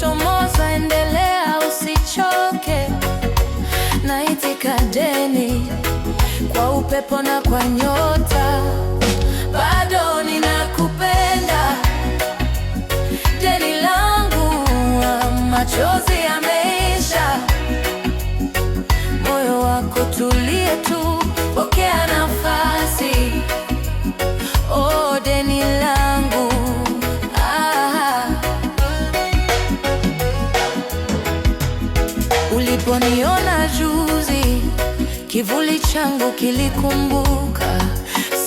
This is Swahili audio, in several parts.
kuchomoza, endelea usichoke, na itika deni kwa upepo na kwa nyota, bado ninakupenda. Deni langu machozi yameisha, moyo wako tulie tu uliponiona juzi, kivuli changu kilikumbuka.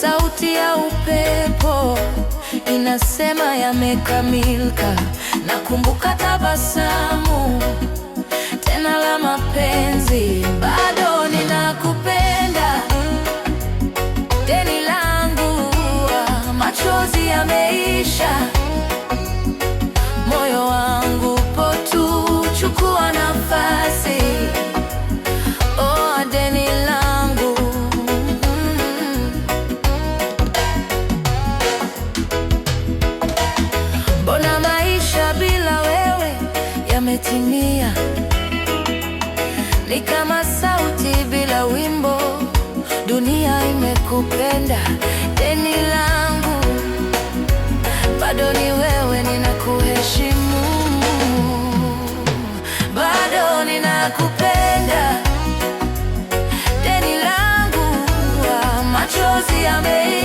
Sauti ya upepo inasema yamekamilika. Nakumbuka tabasamu tena la mapenzi, bado ninakupenda. Deni langu, machozi yameisha. Mbona maisha bila wewe yametimia? Ni kama sauti bila wimbo, dunia imekupenda. Deni langu bado ni wewe, ninakuheshimu, bado ninakupenda. Deni langu machozi yame